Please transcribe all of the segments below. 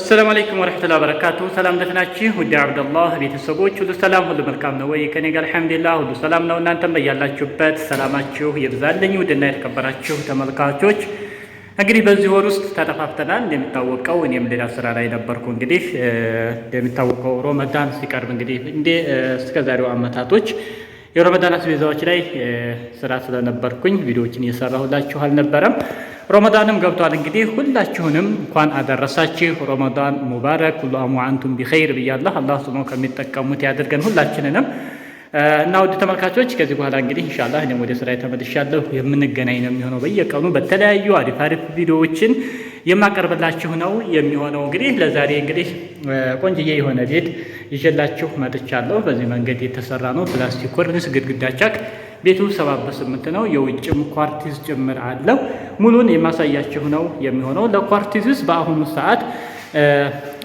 አሰላሙ አለይኩም ወረሕመቱላሂ በረካቱ። ሰላም ደህና ናችሁ? ውድ አብደላህ ቤተሰቦች ሁሉ ሰላም ሁሉ መልካም ነው ወይ? ከኔ ጋር አልሐምዱሊላህ ሁሉ ሰላም ነው። እናንተም በያላችሁበት ሰላማችሁ ይብዛልኝ። ውድና የተከበራችሁ ተመልካቾች እንግዲህ በዚህ ወር ውስጥ ተጠፋፍተናል። እንደሚታወቀው እኔም ሌላ ስራ ላይ ነበርኩ። እንግዲህ እንደሚታወቀው ሮመዳን ሲቀርብ እንግዲህ እንደ እስከዛሬው አመታቶች የሮመዳን አስቤዛዎች ላይ ስራ ስለነበርኩኝ ቪዲዮዎችን እየሰራሁላችሁ አልነበረም። ሮመዳንም ገብቷል። እንግዲህ ሁላችሁንም እንኳን አደረሳችሁ። ሮመዳን ሙባረክ። ሁሉ አሙ አንቱም ቢኸይር ብያለሁ። አላህ ስሞ ከሚጠቀሙት ያደርገን ሁላችንንም እና ውድ ተመልካቾች ከዚህ በኋላ እንግዲህ እንሻላ እኔም ወደ ስራ ተመልሻለሁ። የምንገናኝ ነው የሚሆነው። በየቀኑ በተለያዩ አሪፍ አሪፍ ቪዲዮዎችን የማቀርብላችሁ ነው የሚሆነው። እንግዲህ ለዛሬ እንግዲህ ቆንጅዬ የሆነ ቤት ይዤላችሁ መጥቻለሁ። በዚህ መንገድ የተሰራ ነው ፕላስቲክ ኮርኒስ ግድግዳ ቻክ ቤቱ ሰባ በስምንት ነው። የውጭም ኳርቲዝ ጭምር አለው። ሙሉን የማሳያችሁ ነው የሚሆነው። ለኳርቲዝስ በአሁኑ ሰዓት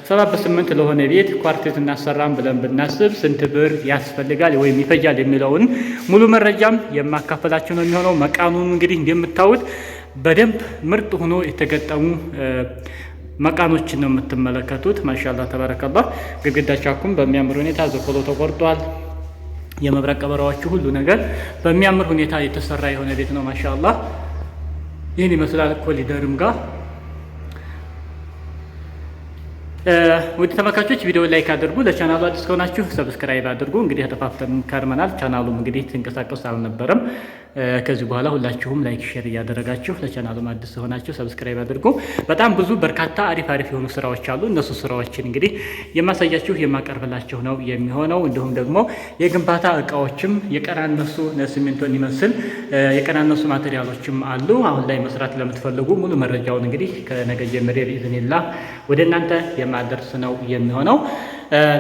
ሰባ በስምንት ለሆነ ቤት ኳርቲዝ እናሰራም ብለን ብናስብ ስንት ብር ያስፈልጋል ወይም ይፈጃል የሚለውን ሙሉ መረጃም የማካፈላችሁ ነው የሚሆነው። መቃኑን እንግዲህ እንደምታዩት በደንብ ምርጥ ሆኖ የተገጠሙ መቃኖችን ነው የምትመለከቱት። ማሻላ ተባረከላ። ግድግዳቻኩም በሚያምር ሁኔታ ዘኮሎ ተቆርጧል። የመብረቅ ቀበሮዎቹ ሁሉ ነገር በሚያምር ሁኔታ የተሰራ የሆነ ቤት ነው። ማሻላ ይህን ይመስላል። ኮሊደርም ጋር ውድ ተመልካቾች ቪዲዮ ላይክ አድርጉ። ለቻናሉ አዲስ ከሆናችሁ ሰብስክራይብ አድርጉ። እንግዲህ ተፋፍተን ከርመናል። ቻናሉም እንግዲህ ትንቀሳቀስ አልነበረም። ከዚህ በኋላ ሁላችሁም ላይክ፣ ሼር እያደረጋችሁ ለቻናሉም አዲስ ሆናችሁ ሰብስክራይብ አድርጉ። በጣም ብዙ በርካታ አሪፍ አሪፍ የሆኑ ስራዎች አሉ። እነሱ ስራዎችን እንግዲህ የማሳያችሁ የማቀርብላችሁ ነው የሚሆነው። እንዲሁም ደግሞ የግንባታ እቃዎችም የቀናነሱ ሲሚንቶን ይመስል የቀናነሱ ማቴሪያሎችም አሉ። አሁን ላይ መስራት ለምትፈልጉ ሙሉ መረጃውን እንግዲህ ከነገ ጀምሬ ብኢዝኒላህ ወደ እናንተ የማደርስ ነው የሚሆነው።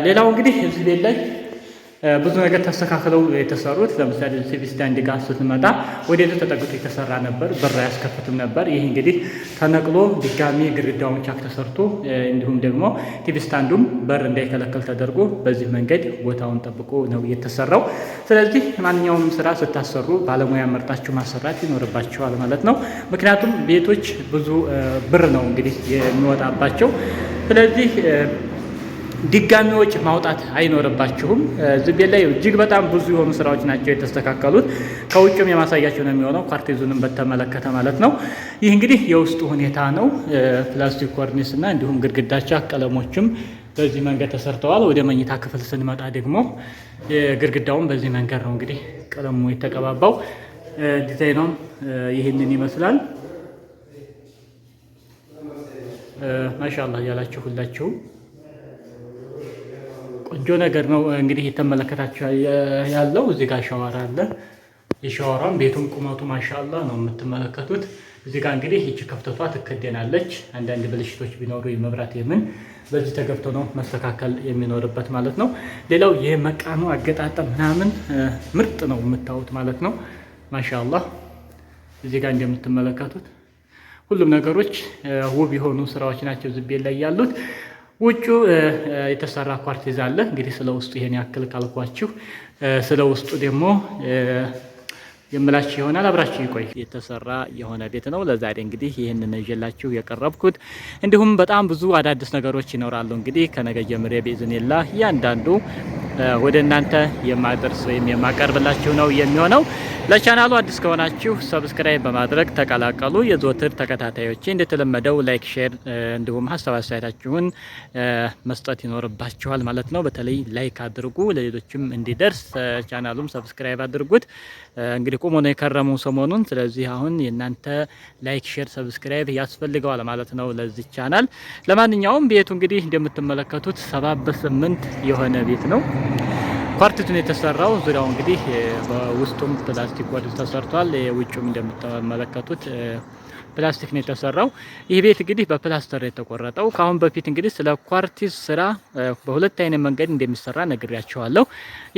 ሌላው እንግዲህ እዚህ ቤት ላይ ብዙ ነገር ተስተካክለው የተሰሩት። ለምሳሌ ሲቪል ስታንድ ጋር ስትመጣ ወደዚህ ተጠግቶ የተሰራ ነበር፣ በር አያስከፍትም ነበር። ይህ እንግዲህ ተነቅሎ ድጋሚ ግድግዳውን ቻክ ተሰርቶ እንዲሁም ደግሞ ቲቪ ስታንዱም በር እንዳይከለከል ተደርጎ በዚህ መንገድ ቦታውን ጠብቆ ነው የተሰራው። ስለዚህ ማንኛውም ስራ ስታሰሩ ባለሙያ መርጣችሁ ማሰራት ይኖርባችኋል ማለት ነው። ምክንያቱም ቤቶች ብዙ ብር ነው እንግዲህ የሚወጣባቸው ስለዚህ ድጋሚ ወጪ ማውጣት አይኖርባችሁም። ዝቤ ላይ እጅግ በጣም ብዙ የሆኑ ስራዎች ናቸው የተስተካከሉት። ከውጭም የማሳያቸው ነው የሚሆነው ኳርቴዙንም በተመለከተ ማለት ነው። ይህ እንግዲህ የውስጡ ሁኔታ ነው። ፕላስቲክ ኮርኒስ እና እንዲሁም ግድግዳቻ ቀለሞችም በዚህ መንገድ ተሰርተዋል። ወደ መኝታ ክፍል ስንመጣ ደግሞ ግድግዳውም በዚህ መንገድ ነው እንግዲህ ቀለሙ የተቀባባው። ዲዛይኖም ይህንን ይመስላል። ማሻላ ያላችሁ ሁላችሁም ቆንጆ ነገር ነው። እንግዲህ የተመለከታቸው ያለው እዚህ ጋር ሸዋራ አለ። የሻወሯን ቤቱን ቁመቱ ማሻላ ነው የምትመለከቱት። እዚህ ጋር እንግዲህ ይቺ ከፍተቷ ትከደናለች። አንዳንድ ብልሽቶች ቢኖሩ የመብራት የምን በዚህ ተገብቶ ነው መስተካከል የሚኖርበት ማለት ነው። ሌላው የመቃኑ አገጣጠም ምናምን ምርጥ ነው የምታዩት ማለት ነው። ማሻላ እዚህ ጋር እንደምትመለከቱት ሁሉም ነገሮች ውብ የሆኑ ስራዎች ናቸው ዝቤ ላይ ያሉት። ውጩ የተሰራ ኳርቲዝ አለ። እንግዲህ ስለ ውስጡ ይሄን ያክል ካልኳችሁ ስለ ውስጡ ደግሞ የምላችሁ ይሆናል። አብራችሁ ይቆይ። የተሰራ የሆነ ቤት ነው። ለዛሬ እንግዲህ ይህን ነጀላችሁ የቀረብኩት እንዲሁም በጣም ብዙ አዳዲስ ነገሮች ይኖራሉ። እንግዲህ ከነገ ጀምሬ ቤዝኔላ እያንዳንዱ ወደ እናንተ የማደርስ ወይም የማቀርብላችሁ ነው የሚሆነው። ለቻናሉ አዲስ ከሆናችሁ ሰብስክራይብ በማድረግ ተቀላቀሉ። የዘወትር ተከታታዮች እንደተለመደው ላይክ፣ ሼር እንዲሁም ሀሳብ አስተያየታችሁን መስጠት ይኖርባችኋል ማለት ነው። በተለይ ላይክ አድርጉ፣ ለሌሎችም እንዲደርስ ቻናሉም ሰብስክራይብ አድርጉት። እንግዲህ ቁሞ ነው የከረሙ ሰሞኑን። ስለዚህ አሁን የእናንተ ላይክ፣ ሼር፣ ሰብስክራይብ ያስፈልገዋል ማለት ነው ለዚህ ቻናል። ለማንኛውም ቤቱ እንግዲህ እንደምትመለከቱት ሰባ በስምንት የሆነ ቤት ነው። ነው የተሰራው ዙሪያው እንግዲህ በውስጡም ፕላስቲክ ወድ ተሰርቷል። የውጭም እንደምትመለከቱት ፕላስቲክ ነው የተሰራው። ይህ ቤት እንግዲህ በፕላስተር የተቆረጠው። ከአሁን በፊት እንግዲህ ስለ ኳርቲዝ ስራ በሁለት አይነት መንገድ እንደሚሰራ ነግሬያቸዋለሁ።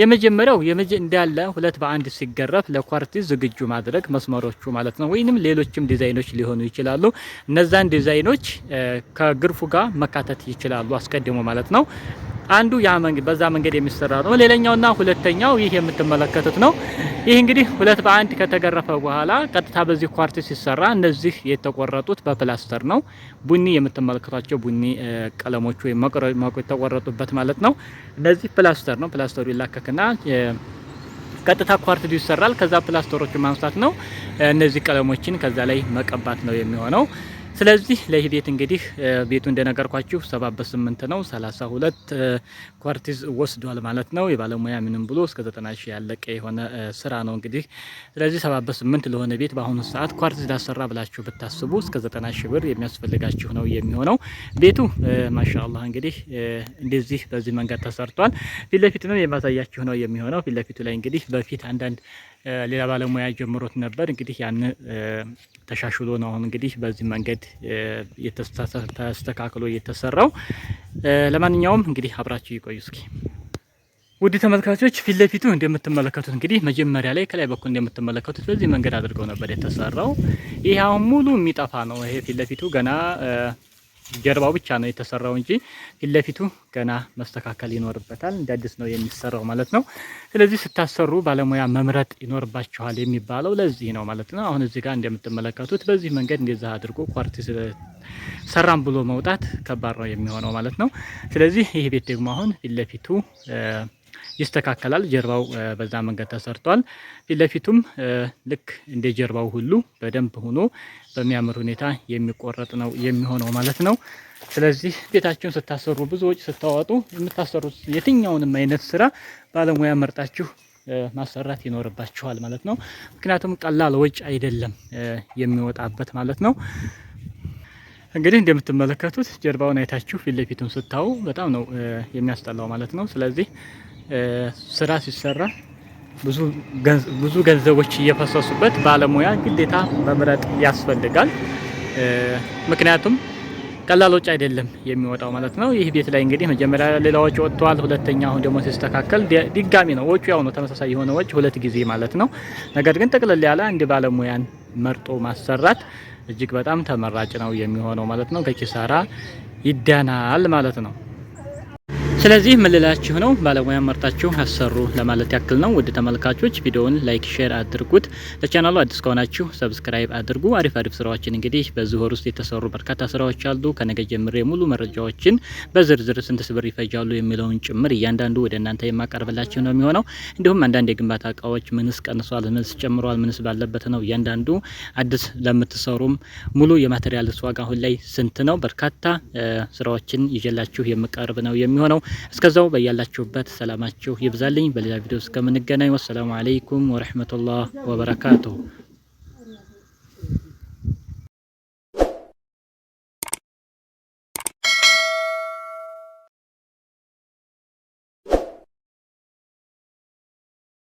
የመጀመሪያው እንዳለ ሁለት በአንድ ሲገረፍ ለኳርቲዝ ዝግጁ ማድረግ መስመሮቹ ማለት ነው፣ ወይንም ሌሎችም ዲዛይኖች ሊሆኑ ይችላሉ። እነዛን ዲዛይኖች ከግርፉ ጋር መካተት ይችላሉ፣ አስቀድሞ ማለት ነው። አንዱ ያ መንገድ በዛ መንገድ የሚሰራ ነው። ሌላኛውና ሁለተኛው ይህ የምትመለከቱት ነው። ይህ እንግዲህ ሁለት በአንድ ከተገረፈ በኋላ ቀጥታ በዚህ ኳርቲዝ ሲሰራ፣ እነዚህ የተቆረጡት በፕላስተር ነው። ቡኒ የምትመለከቷቸው ቡኒ ቀለሞቹ ወይም የተቆረጡበት ማለት ነው። እነዚህ ፕላስተር ነው። ፕላስተሩ ይላከክና ቀጥታ ኳርቲዙ ይሰራል። ከዛ ፕላስተሮቹ ማንሳት ነው። እነዚህ ቀለሞችን ከዛ ላይ መቀባት ነው የሚሆነው። ስለዚህ ለይህ እንግዲህ ቤቱ እንደነገርኳችሁ ሰባ በስምንት ነው። ሰላሳ ሁለት ኳርቲዝ ወስዷል ማለት ነው። የባለሙያ ምንም ብሎ እስከ ዘጠና ሺህ ያለቀ የሆነ ስራ ነው እንግዲህ። ስለዚህ ሰባ በስምንት ለሆነ ቤት በአሁኑ ሰዓት ኳርቲዝ ላሰራ ብላችሁ ብታስቡ እስከ ዘጠና ሺህ ብር የሚያስፈልጋችሁ ነው የሚሆነው። ቤቱ ማሻአላህ እንግዲህ እንደዚህ በዚህ መንገድ ተሰርቷል። ፊትለፊት ነው የማሳያችሁ ነው የሚሆነው። ፊትለፊቱ ላይ እንግዲህ በፊት አንዳንድ ሌላ ባለሙያ ጀምሮት ነበር። እንግዲህ ያን ተሻሽሎ ነው አሁን እንግዲህ በዚህ መንገድ ተስተካክሎ እየተሰራው። ለማንኛውም እንግዲህ አብራችሁ ይቆዩ እስኪ ውድ ተመልካቾች። ፊት ለፊቱ እንደምትመለከቱት እንግዲህ መጀመሪያ ላይ ከላይ በኩል እንደምትመለከቱት በዚህ መንገድ አድርገው ነበር የተሰራው። ይህ አሁን ሙሉ የሚጠፋ ነው። ይሄ ፊት ለፊቱ ገና ጀርባው ብቻ ነው የተሰራው እንጂ ፊት ለፊቱ ገና መስተካከል ይኖርበታል። እንደ አዲስ ነው የሚሰራው ማለት ነው። ስለዚህ ስታሰሩ ባለሙያ መምረጥ ይኖርባችኋል የሚባለው ለዚህ ነው ማለት ነው። አሁን እዚህ ጋር እንደምትመለከቱት በዚህ መንገድ እንደዛ አድርጎ ኳርቲዝ ሰራም ብሎ መውጣት ከባድ ነው የሚሆነው ማለት ነው። ስለዚህ ይህ ቤት ደግሞ አሁን ፊትለፊቱ ይስተካከላል። ጀርባው በዛ መንገድ ተሰርቷል። ፊት ለፊቱም ልክ እንደ ጀርባው ሁሉ በደንብ ሆኖ በሚያምር ሁኔታ የሚቆረጥ ነው የሚሆነው ማለት ነው። ስለዚህ ቤታችሁን ስታሰሩ ብዙ ወጪ ስታወጡ የምታሰሩት የትኛውንም አይነት ስራ ባለሙያ መርጣችሁ ማሰራት ይኖርባችኋል ማለት ነው። ምክንያቱም ቀላል ወጪ አይደለም የሚወጣበት ማለት ነው። እንግዲህ እንደምትመለከቱት ጀርባውን አይታችሁ ፊት ለፊቱን ስታዩ በጣም ነው የሚያስጠላው ማለት ነው። ስለዚህ ስራ ሲሰራ ብዙ ገንዘቦች እየፈሰሱበት ባለሙያ ግዴታ መምረጥ ያስፈልጋል። ምክንያቱም ቀላል ወጪ አይደለም የሚወጣው ማለት ነው። ይህ ቤት ላይ እንግዲህ መጀመሪያ ሌላ ወጪ ወጥቷል። ሁለተኛ አሁን ደግሞ ሲስተካከል ድጋሚ ነው ወጪ ያው ነው ተመሳሳይ የሆነ ወጪ ሁለት ጊዜ ማለት ነው። ነገር ግን ጠቅለል ያለ አንድ ባለሙያን መርጦ ማሰራት እጅግ በጣም ተመራጭ ነው የሚሆነው ማለት ነው። ከኪሳራ ይዳናል ማለት ነው። ስለዚህ ምልላችሁ ነው ባለሙያ መርጣችሁ አሰሩ ለማለት ያክል ነው። ውድ ተመልካቾች ቪዲዮውን ላይክ፣ ሼር አድርጉት። ለቻናሉ አዲስ ከሆናችሁ ሰብስክራይብ አድርጉ። አሪፍ አሪፍ ስራዎችን እንግዲህ በዚህ ወር ውስጥ የተሰሩ በርካታ ስራዎች አሉ። ከነገ ጀምሬ ሙሉ መረጃዎችን በዝርዝር ስንት ስብር ይፈጃሉ የሚለውን ጭምር እያንዳንዱ ወደ እናንተ የማቀርብላችሁ ነው የሚሆነው። እንዲሁም አንዳንድ የግንባታ እቃዎች ምንስ ቀንሷል፣ ምንስ ጨምሯል፣ ምንስ ባለበት ነው እያንዳንዱ አዲስ ለምትሰሩም ሙሉ የማቴሪያልስ ዋጋ አሁን ላይ ስንት ነው? በርካታ ስራዎችን ይዤላችሁ የምቀርብ ነው የሚሆነው። እስከዛው በያላችሁበት ሰላማችሁ ይብዛልኝ። በሌላ ቪዲዮ እስከምንገናኝ ወሰላሙ አለይኩም ወረህመቱላህ ወበረካቱሁ።